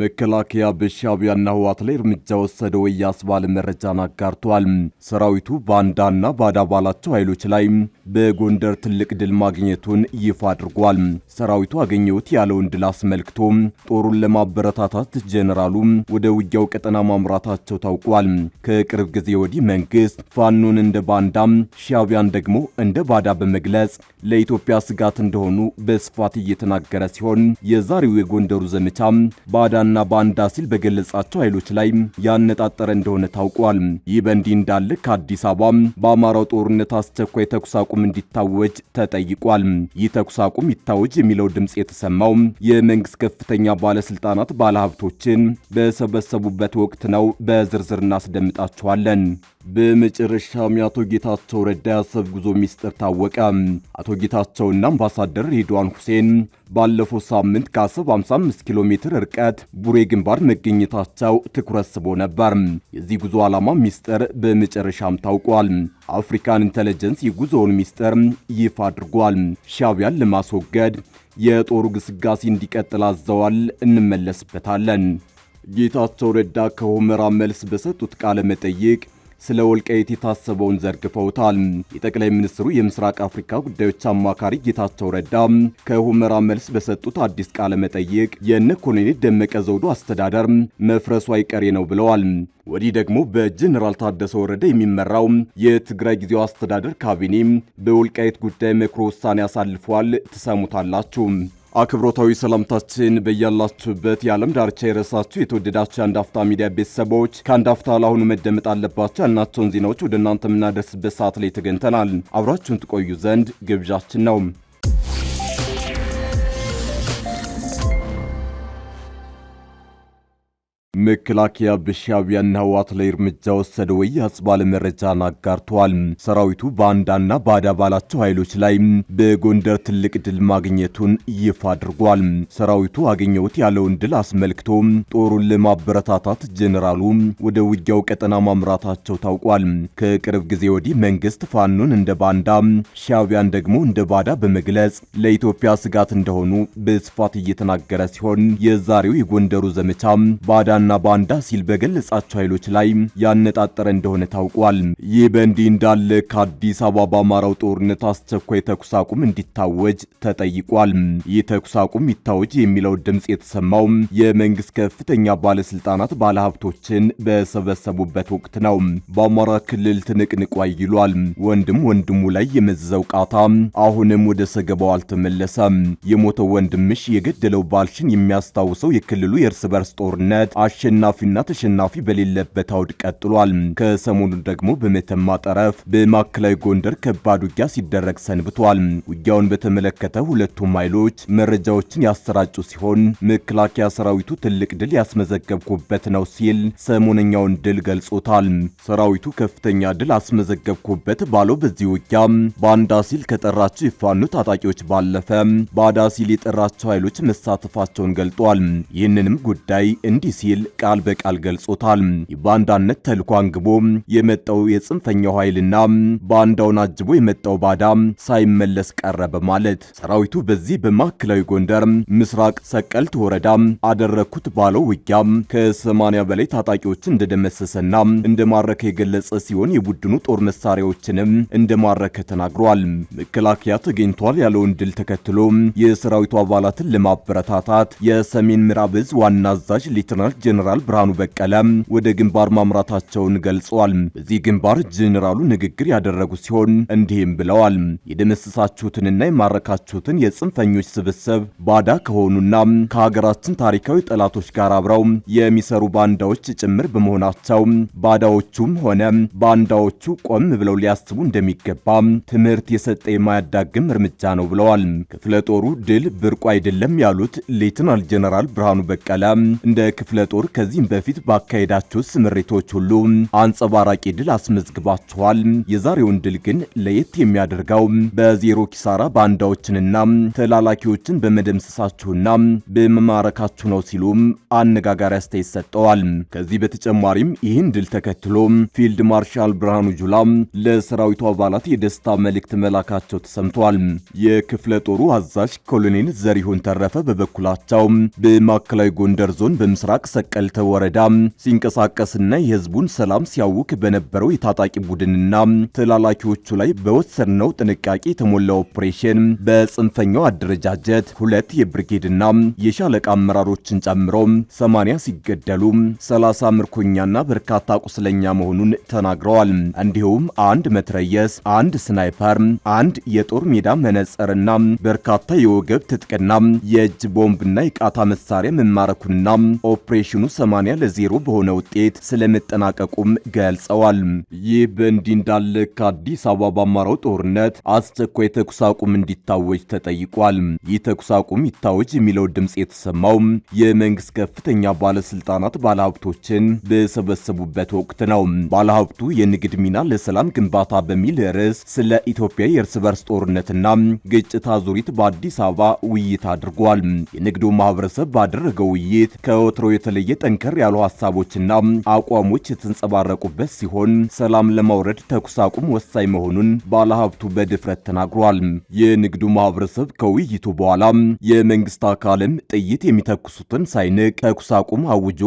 መከላከያ በሻቢያና ህዋት ላይ እርምጃ ወሰደ ወይ ያስባለ መረጃን አጋርቷል። ሰራዊቱ ባንዳና ባዳ ባላቸው ኃይሎች ላይ በጎንደር ትልቅ ድል ማግኘቱን ይፋ አድርጓል። ሰራዊቱ አገኘሁት ያለውን ድል አስመልክቶ ጦሩን ለማበረታታት ጄኔራሉ ወደ ውጊያው ቀጠና ማምራታቸው ታውቋል። ከቅርብ ጊዜ ወዲህ መንግስት ፋኖን እንደ ባንዳ፣ ሻቢያን ደግሞ እንደ ባዳ በመግለጽ ለኢትዮጵያ ስጋት እንደሆኑ በስፋት እየተናገረ ሲሆን የዛሬው የጎንደሩ ዘመቻ ባዳ ባንዳና ባንዳ ሲል በገለጻቸው ኃይሎች ላይ ያነጣጠረ እንደሆነ ታውቋል። ይህ በእንዲህ እንዳለ ከአዲስ አበባ በአማራው ጦርነት አስቸኳይ ተኩስ አቁም እንዲታወጅ ተጠይቋል። ይህ ተኩስ አቁም ይታወጅ የሚለው ድምፅ የተሰማው የመንግስት ከፍተኛ ባለስልጣናት ባለሀብቶችን በሰበሰቡበት ወቅት ነው። በዝርዝር እናስደምጣችኋለን። በመጨረሻም የአቶ ጌታቸው ረዳ ያሰብ ጉዞ ሚስጥር ታወቀ። አቶ ጌታቸውና አምባሳደር ሬድዋን ሁሴን ባለፈው ሳምንት ከአሰብ 55 ኪሎ ሜትር ርቀት ቡሬ ግንባር መገኘታቸው ትኩረት ስቦ ነበር። የዚህ ጉዞ ዓላማ ሚስጥር በመጨረሻም ታውቋል። አፍሪካን ኢንተለጀንስ የጉዞውን ሚስጥር ይፋ አድርጓል። ሻቢያን ለማስወገድ የጦሩ ግስጋሴ እንዲቀጥል አዘዋል። እንመለስበታለን። ጌታቸው ረዳ ከሆመራ መልስ በሰጡት ቃለ መጠይቅ ስለ ወልቃይት የታሰበውን ዘርግፈውታል። የጠቅላይ ሚኒስትሩ የምስራቅ አፍሪካ ጉዳዮች አማካሪ ጌታቸው ረዳ ከሁመራ መልስ በሰጡት አዲስ ቃለ መጠይቅ የነ ኮሎኔል ደመቀ ዘውዱ አስተዳደር መፍረሱ አይቀሬ ነው ብለዋል። ወዲህ ደግሞ በጀኔራል ታደሰ ወረደ የሚመራው የትግራይ ጊዜው አስተዳደር ካቢኔ በወልቃይት ጉዳይ መክሮ ውሳኔ አሳልፏል። ትሰሙታላችሁ። አክብሮታዊ ሰላምታችን በያላችሁበት የዓለም ዳርቻ የረሳችሁ የተወደዳችሁ የአንድ አፍታ ሚዲያ ቤተሰቦች ከአንድ አፍታ ለአሁኑ መደመጥ አለባቸው ያልናቸውን ዜናዎች ወደ እናንተ የምናደርስበት ሰዓት ላይ ተገኝተናል። አብራችሁን ትቆዩ ዘንድ ግብዣችን ነው። መከላከያ በሻዕቢያና ህወሓት ላይ እርምጃ ወሰደ ወይ ያስባለ መረጃን አጋርተዋል። ሰራዊቱ በአንዳና ባዳ ባላቸው ኃይሎች ላይ በጎንደር ትልቅ ድል ማግኘቱን ይፋ አድርጓል። ሰራዊቱ አገኘሁት ያለውን ድል አስመልክቶ ጦሩን ለማበረታታት ጄኔራሉ ወደ ውጊያው ቀጠና ማምራታቸው ታውቋል። ከቅርብ ጊዜ ወዲህ መንግስት ፋኖን እንደ ባንዳ፣ ሻቢያን ደግሞ እንደ ባዳ በመግለጽ ለኢትዮጵያ ስጋት እንደሆኑ በስፋት እየተናገረ ሲሆን የዛሬው የጎንደሩ ዘመቻ ባዳና ባንዳ ሲል በገለጻቸው ኃይሎች ላይ ያነጣጠረ እንደሆነ ታውቋል። ይህ በእንዲህ እንዳለ ከአዲስ አበባ በአማራው ጦርነት አስቸኳይ ተኩስ አቁም እንዲታወጅ ተጠይቋል። ይህ ተኩስ አቁም ይታወጅ የሚለው ድምፅ የተሰማው የመንግስት ከፍተኛ ባለስልጣናት ባለሀብቶችን በሰበሰቡበት ወቅት ነው። በአማራ ክልል ትንቅንቋ ይሏል። ወንድም ወንድሙ ላይ የመዘዘው ቃታ አሁንም ወደ ሰገባው አልተመለሰም። የሞተው ወንድምሽ የገደለው ባልሽን የሚያስታውሰው የክልሉ የእርስ በርስ ጦርነት አሸናፊና ተሸናፊ በሌለበት አውድ ቀጥሏል። ከሰሞኑ ደግሞ በመተማ ጠረፍ በማዕከላዊ ጎንደር ከባድ ውጊያ ሲደረግ ሰንብቷል። ውጊያውን በተመለከተ ሁለቱም ኃይሎች መረጃዎችን ያሰራጩ ሲሆን መከላከያ ሰራዊቱ ትልቅ ድል ያስመዘገብኩበት ነው ሲል ሰሞነኛውን ድል ገልጾታል። ሰራዊቱ ከፍተኛ ድል አስመዘገብኩበት ባለው በዚህ ውጊያ ባንዳ ሲል ከጠራቸው የፋኖ ታጣቂዎች ባለፈ ባዳ ሲል የጠራቸው ኃይሎች መሳተፋቸውን ገልጧል። ይህንንም ጉዳይ እንዲህ ሲል ቃል በቃል ገልጾታል። የባንዳነት ተልኮ አንግቦ የመጣው የጽንፈኛው ኃይልና ባንዳውን አጅቦ የመጣው ባዳ ሳይመለስ ቀረ በማለት ሰራዊቱ በዚህ በማዕከላዊ ጎንደር ምስራቅ ሰቀልት ወረዳ አደረግኩት ባለው ውጊያ ከ80 በላይ ታጣቂዎችን እንደደመሰሰና እንደማረከ የገለጸ ሲሆን የቡድኑ ጦር መሳሪያዎችንም እንደማረከ ተናግሯል። መከላከያ ተገኝቷል ያለውን ድል ተከትሎ የሰራዊቱ አባላትን ለማበረታታት የሰሜን ምዕራብ ዕዝ ዋና አዛዥ ሌተናል ጀኔራል ብርሃኑ በቀለ ወደ ግንባር ማምራታቸውን ገልጸዋል። በዚህ ግንባር ጀነራሉ ንግግር ያደረጉ ሲሆን እንዲህም ብለዋል። የደመሰሳችሁትንና የማረካችሁትን የጽንፈኞች ስብስብ ባዳ ከሆኑና ከሀገራችን ታሪካዊ ጠላቶች ጋር አብረው የሚሰሩ ባንዳዎች ጭምር በመሆናቸው ባዳዎቹም ሆነ ባንዳዎቹ ቆም ብለው ሊያስቡ እንደሚገባ ትምህርት የሰጠ የማያዳግም እርምጃ ነው ብለዋል። ክፍለ ጦሩ ድል ብርቁ አይደለም ያሉት ሌትናል ጀነራል ብርሃኑ በቀለ እንደ ክፍለ ጦር ከዚህም በፊት ባካሄዳቸው ስምሪቶች ሁሉ አንጸባራቂ ድል አስመዝግባቸዋል። የዛሬውን ድል ግን ለየት የሚያደርገው በዜሮ ኪሳራ ባንዳዎችንና ተላላኪዎችን በመደምሰሳችሁና በመማረካችሁ ነው ሲሉ አነጋጋሪ አስተያየት ሰጠዋል። ከዚህ በተጨማሪም ይህን ድል ተከትሎ ፊልድ ማርሻል ብርሃኑ ጁላ ለሰራዊቱ አባላት የደስታ መልእክት መላካቸው ተሰምተዋል። የክፍለ ጦሩ አዛዥ ኮሎኔል ዘሪሁን ተረፈ በበኩላቸው በማዕከላዊ ጎንደር ዞን በምስራቅ ሰቀ ቀልተ ወረዳ ሲንቀሳቀስና የህዝቡን ሰላም ሲያውክ በነበረው የታጣቂ ቡድንና ተላላኪዎቹ ላይ በወሰድነው ጥንቃቄ የተሞላ ኦፕሬሽን በጽንፈኛው አደረጃጀት ሁለት የብርጌድና የሻለቃ አመራሮችን ጨምሮ 80 ሲገደሉ 30 ምርኮኛና በርካታ ቁስለኛ መሆኑን ተናግረዋል። እንዲሁም አንድ መትረየስ፣ አንድ ስናይፐር፣ አንድ የጦር ሜዳ መነጽርና በርካታ የወገብ ትጥቅና የእጅ ቦምብና የቃታ መሳሪያ መማረኩንና ኦፕሬሽኑ 80 ለ0 በሆነ ውጤት ስለመጠናቀቁም ገልጸዋል። ይህ በእንዲህ እንዳለ ከአዲስ አበባ ባማረው ጦርነት አስቸኳይ ተኩስ አቁም እንዲታወጅ ተጠይቋል። ይህ ተኩስ አቁም ይታወጅ የሚለው ድምፅ የተሰማው የመንግስት ከፍተኛ ባለስልጣናት ባለሀብቶችን በሰበሰቡበት ወቅት ነው። ባለሀብቱ የንግድ ሚና ለሰላም ግንባታ በሚል ርዕስ ስለ ኢትዮጵያ የእርስ በርስ ጦርነትና ግጭት አዙሪት በአዲስ አበባ ውይይት አድርጓል። የንግዱ ማህበረሰብ ባደረገው ውይይት ከወትሮ የተለየ ጠንከር ያሉ ሀሳቦችና አቋሞች የተንጸባረቁበት ሲሆን ሰላም ለማውረድ ተኩስ አቁም ወሳኝ መሆኑን ባለሀብቱ በድፍረት ተናግሯል። የንግዱ ማህበረሰብ ከውይይቱ በኋላ የመንግስት አካልም ጥይት የሚተኩሱትን ሳይንቅ ተኩስ አቁም አውጆ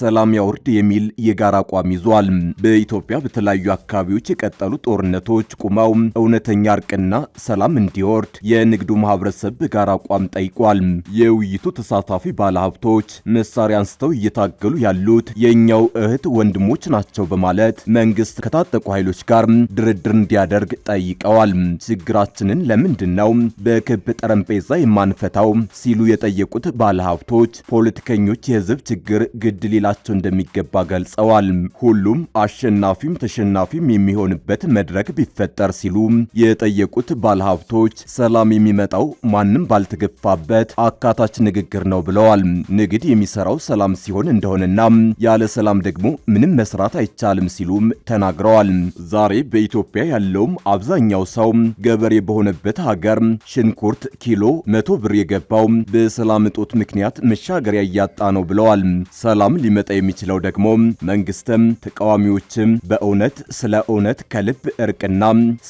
ሰላም ያውርድ የሚል የጋራ አቋም ይዟል። በኢትዮጵያ በተለያዩ አካባቢዎች የቀጠሉ ጦርነቶች ቁመው እውነተኛ እርቅና ሰላም እንዲወርድ የንግዱ ማህበረሰብ በጋራ አቋም ጠይቋል። የውይይቱ ተሳታፊ ባለሀብቶች መሳሪያ አንስተው እየ እየታገሉ ያሉት የእኛው እህት ወንድሞች ናቸው በማለት መንግስት ከታጠቁ ኃይሎች ጋር ድርድር እንዲያደርግ ጠይቀዋል። ችግራችንን ለምንድን ነው በክብ ጠረጴዛ የማንፈታው ሲሉ የጠየቁት ባለሀብቶች ፖለቲከኞች የህዝብ ችግር ግድ ሊላቸው እንደሚገባ ገልጸዋል። ሁሉም አሸናፊም ተሸናፊም የሚሆንበት መድረክ ቢፈጠር ሲሉ የጠየቁት ባለሀብቶች ሰላም የሚመጣው ማንም ባልተገፋበት አካታች ንግግር ነው ብለዋል። ንግድ የሚሰራው ሰላም ሲሆን ይሆን እንደሆነና ያለ ሰላም ደግሞ ምንም መስራት አይቻልም ሲሉም ተናግረዋል። ዛሬ በኢትዮጵያ ያለውም አብዛኛው ሰው ገበሬ በሆነበት ሀገር ሽንኩርት ኪሎ መቶ ብር የገባው በሰላም እጦት ምክንያት መሻገሪያ እያጣ ነው ብለዋል። ሰላም ሊመጣ የሚችለው ደግሞ መንግስትም ተቃዋሚዎችም በእውነት ስለ እውነት ከልብ እርቅና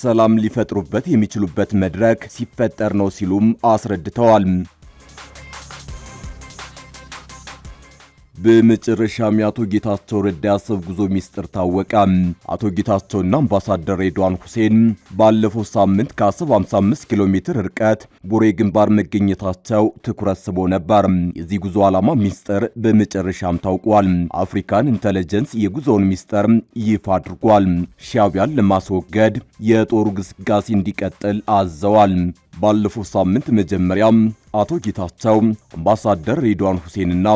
ሰላም ሊፈጥሩበት የሚችሉበት መድረክ ሲፈጠር ነው ሲሉም አስረድተዋል። በመጨረሻም የአቶ ጌታቸው ረዳ ጉዞ ሚስጥር ታወቀ። አቶ ጌታቸውና አምባሳደር ሬድዋን ሁሴን ባለፈው ሳምንት ከአሰብ 55 ኪሎ ሜትር ርቀት ቦሬ ግንባር መገኘታቸው ትኩረት ስቦ ነበር። የዚህ ጉዞ ዓላማ ሚስጥር በመጨረሻም ታውቋል። አፍሪካን ኢንተለጀንስ የጉዞውን ሚስጥር ይፋ አድርጓል። ሻቢያን ለማስወገድ የጦሩ ግስጋሴ እንዲቀጥል አዘዋል። ባለፈው ሳምንት መጀመሪያም አቶ ጌታቸው አምባሳደር ሬድዋን ሁሴንና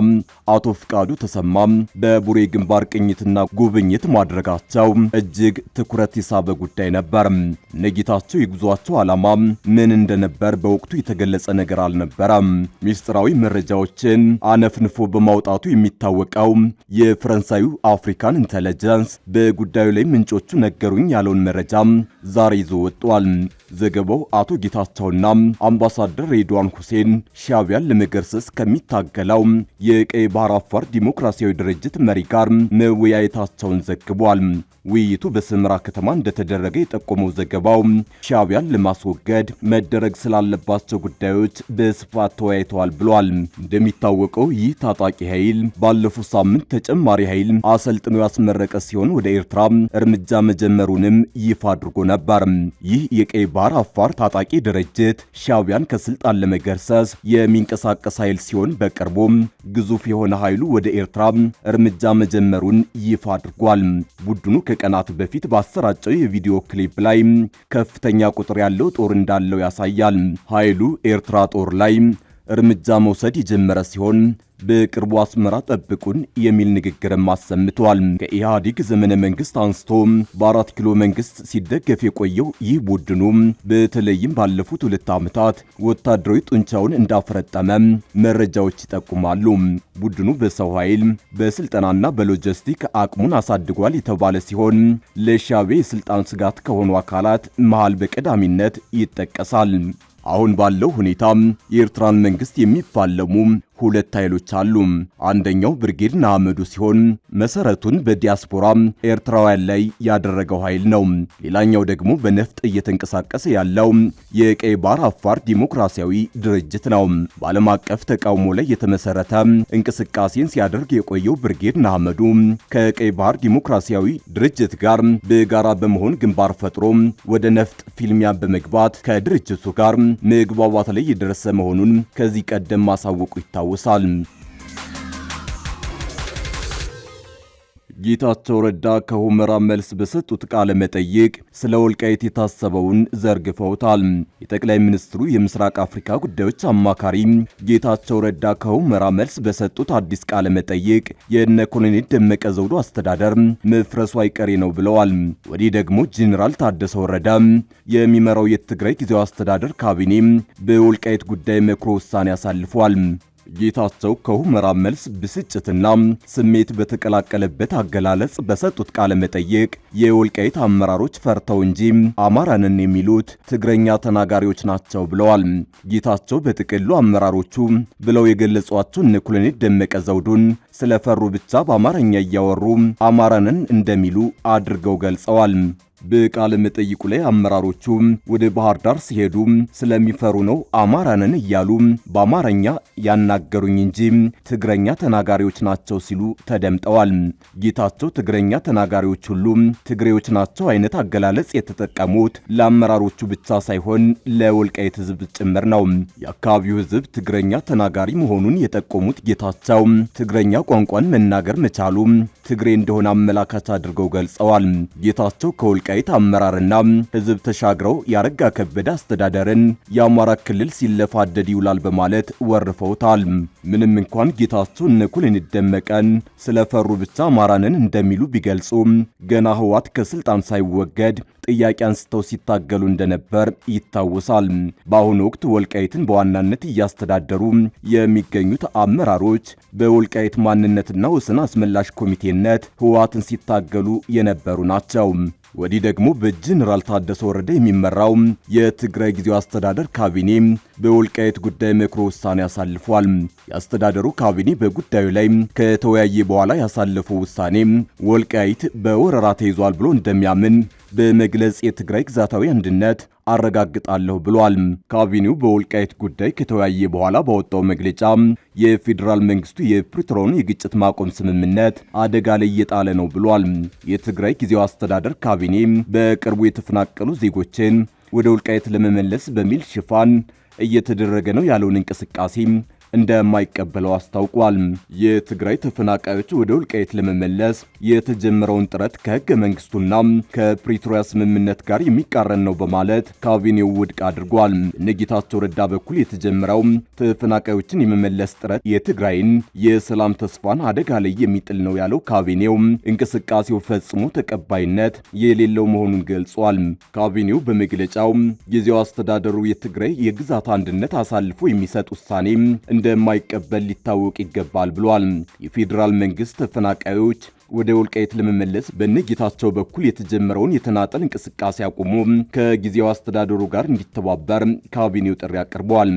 አቶ ፍቃዱ ተሰማ በቡሬ ግንባር ቅኝትና ጉብኝት ማድረጋቸው እጅግ ትኩረት የሳበ ጉዳይ ነበር። ነጌታቸው የጉዟቸው ዓላማ ምን እንደነበር በወቅቱ የተገለጸ ነገር አልነበረም። ሚስጥራዊ መረጃዎችን አነፍንፎ በማውጣቱ የሚታወቀው የፈረንሳዩ አፍሪካን ኢንተለጀንስ በጉዳዩ ላይ ምንጮቹ ነገሩኝ ያለውን መረጃ ዛሬ ይዞ ወጥቷል። ዘገባው አቶ ጌታቸውና አምባሳደር ሬድዋን ሁሴን ሻቢያን ለመገርሰስ ከሚታገለው የቀይ ባህር አፋር ዲሞክራሲያዊ ድርጅት መሪ ጋር መወያየታቸውን ዘግቧል። ውይይቱ በሰመራ ከተማ እንደተደረገ የጠቆመው ዘገባው ሻቢያን ለማስወገድ መደረግ ስላለባቸው ጉዳዮች በስፋት ተወያይተዋል ብሏል። እንደሚታወቀው ይህ ታጣቂ ኃይል ባለፉት ሳምንት ተጨማሪ ኃይል አሰልጥኖ ያስመረቀ ሲሆን ወደ ኤርትራ እርምጃ መጀመሩንም ይፋ አድርጎ ነበር። ይህ የቀይ አልባር አፋር ታጣቂ ድርጅት ሻቢያን ከስልጣን ለመገርሰስ የሚንቀሳቀስ ኃይል ሲሆን በቅርቡም ግዙፍ የሆነ ኃይሉ ወደ ኤርትራ እርምጃ መጀመሩን ይፋ አድርጓል። ቡድኑ ከቀናት በፊት ባሰራጨው የቪዲዮ ክሊፕ ላይ ከፍተኛ ቁጥር ያለው ጦር እንዳለው ያሳያል። ኃይሉ ኤርትራ ጦር ላይ እርምጃ መውሰድ የጀመረ ሲሆን በቅርቡ አስመራ ጠብቁን የሚል ንግግርም አሰምተዋል። ከኢህአዲግ ዘመነ መንግስት አንስቶ በአራት ኪሎ መንግስት ሲደገፍ የቆየው ይህ ቡድኑ በተለይም ባለፉት ሁለት ዓመታት ወታደራዊ ጡንቻውን እንዳፈረጠመ መረጃዎች ይጠቁማሉ። ቡድኑ በሰው ኃይል በስልጠናና በሎጂስቲክ አቅሙን አሳድጓል የተባለ ሲሆን ለሻቤ የስልጣን ስጋት ከሆኑ አካላት መሃል በቀዳሚነት ይጠቀሳል። አሁን ባለው ሁኔታ የኤርትራን መንግስት የሚፋለሙ ሁለት ኃይሎች አሉ። አንደኛው ብርጌድ ናአመዱ ሲሆን መሰረቱን በዲያስፖራ ኤርትራውያን ላይ ያደረገው ኃይል ነው። ሌላኛው ደግሞ በነፍጥ እየተንቀሳቀሰ ያለው የቀይ ባህር አፋር ዲሞክራሲያዊ ድርጅት ነው። በዓለም አቀፍ ተቃውሞ ላይ የተመሰረተ እንቅስቃሴን ሲያደርግ የቆየው ብርጌድ ናአመዱ ከቀይ ባህር ዲሞክራሲያዊ ድርጅት ጋር በጋራ በመሆን ግንባር ፈጥሮ ወደ ነፍጥ ፊልሚያ በመግባት ከድርጅቱ ጋር መግባባት ላይ የደረሰ መሆኑን ከዚህ ቀደም ማሳወቁ ይታወቃል። ይታወሳል። ጌታቸው ረዳ ከሁመራ መልስ በሰጡት ቃለ መጠይቅ ስለ ወልቃይት የታሰበውን ዘርግፈውታል። የጠቅላይ ሚኒስትሩ የምስራቅ አፍሪካ ጉዳዮች አማካሪ ጌታቸው ረዳ ከሁመራ መልስ በሰጡት አዲስ ቃለ መጠይቅ የእነ ኮሎኔል ደመቀ ዘውዱ አስተዳደር መፍረሱ አይቀሬ ነው ብለዋል። ወዲህ ደግሞ ጄኔራል ታደሰ ወረዳ የሚመራው የትግራይ ጊዜያዊ አስተዳደር ካቢኔ በወልቃይት ጉዳይ መክሮ ውሳኔ አሳልፏል። ጌታቸው ከሁመራ መልስ ብስጭትና ስሜት በተቀላቀለበት አገላለጽ በሰጡት ቃለ መጠይቅ የወልቃይት አመራሮች ፈርተው እንጂ አማራንን የሚሉት ትግረኛ ተናጋሪዎች ናቸው ብለዋል። ጌታቸው በጥቅሉ አመራሮቹ ብለው የገለጿቸው እነ ኮሎኔል ደመቀ ዘውዱን ስለፈሩ ብቻ በአማርኛ እያወሩ አማራንን እንደሚሉ አድርገው ገልጸዋል። በቃለ መጠይቁ ላይ አመራሮቹ ወደ ባህር ዳር ሲሄዱ ስለሚፈሩ ነው አማራንን እያሉ በአማርኛ ያናገሩኝ እንጂ ትግረኛ ተናጋሪዎች ናቸው ሲሉ ተደምጠዋል። ጌታቸው ትግረኛ ተናጋሪዎች ሁሉ ትግሬዎች ናቸው አይነት አገላለጽ የተጠቀሙት ለአመራሮቹ ብቻ ሳይሆን ለወልቃይት ህዝብ ጭምር ነው። የአካባቢው ህዝብ ትግረኛ ተናጋሪ መሆኑን የጠቆሙት ጌታቸው ትግረኛ ቋንቋን መናገር መቻሉ ትግሬ እንደሆነ አመላካች አድርገው ገልጸዋል። ጌታቸው ከወልቃ ወልቃይት አመራርና ህዝብ ተሻግረው ያረጋ ከበደ አስተዳደርን የአማራ ክልል ሲለፋደድ ይውላል በማለት ወርፈውታል። ምንም እንኳን ጌታቸው እነኩል እንደመቀን ደመቀን ስለፈሩ ብቻ አማራንን እንደሚሉ ቢገልጹም ገና ህዋት ከስልጣን ሳይወገድ ጥያቄ አንስተው ሲታገሉ እንደነበር ይታወሳል። በአሁኑ ወቅት ወልቃይትን በዋናነት እያስተዳደሩ የሚገኙት አመራሮች በወልቃይት ማንነትና ወሰን አስመላሽ ኮሚቴነት ህዋትን ሲታገሉ የነበሩ ናቸው። ወዲህ ደግሞ በጀነራል ታደሰ ወረደ የሚመራው የትግራይ ጊዜያዊ አስተዳደር ካቢኔ በወልቃይት ጉዳይ መክሮ ውሳኔ አሳልፏል። የአስተዳደሩ ካቢኔ በጉዳዩ ላይ ከተወያየ በኋላ ያሳለፈው ውሳኔ ወልቃይት በወረራ ተይዟል ብሎ እንደሚያምን በመግለጽ የትግራይ ግዛታዊ አንድነት አረጋግጣለሁ ብሏል። ካቢኔው በወልቃይት ጉዳይ ከተወያየ በኋላ ባወጣው መግለጫ የፌዴራል መንግስቱ የፕሪቶሪያውን የግጭት ማቆም ስምምነት አደጋ ላይ እየጣለ ነው ብሏል። የትግራይ ጊዜው አስተዳደር ካቢኔ በቅርቡ የተፈናቀሉ ዜጎችን ወደ ወልቃይት ለመመለስ በሚል ሽፋን እየተደረገ ነው ያለውን እንቅስቃሴ እንደማይቀበለው አስታውቋል። የትግራይ ተፈናቃዮች ወደ ወልቃይት ለመመለስ የተጀመረውን ጥረት ከህገ መንግስቱና ከፕሪቶሪያ ስምምነት ጋር የሚቃረን ነው በማለት ካቢኔው ውድቅ አድርጓል። በጌታቸው ረዳ በኩል የተጀመረው ተፈናቃዮችን የመመለስ ጥረት የትግራይን የሰላም ተስፋን አደጋ ላይ የሚጥል ነው ያለው ካቢኔው እንቅስቃሴው ፈጽሞ ተቀባይነት የሌለው መሆኑን ገልጿል። ካቢኔው በመግለጫው ጊዜው አስተዳደሩ የትግራይ የግዛት አንድነት አሳልፎ የሚሰጥ ውሳኔ እንደማይቀበል ሊታወቅ ይገባል ብሏል። የፌዴራል መንግስት ተፈናቃዮች ወደ ወልቃይት ለመመለስ በነጌታቸው በኩል የተጀመረውን የተናጠል እንቅስቃሴ አቁሞ ከጊዜው አስተዳደሩ ጋር እንዲተባበር ካቢኔው ጥሪ አቅርበዋል።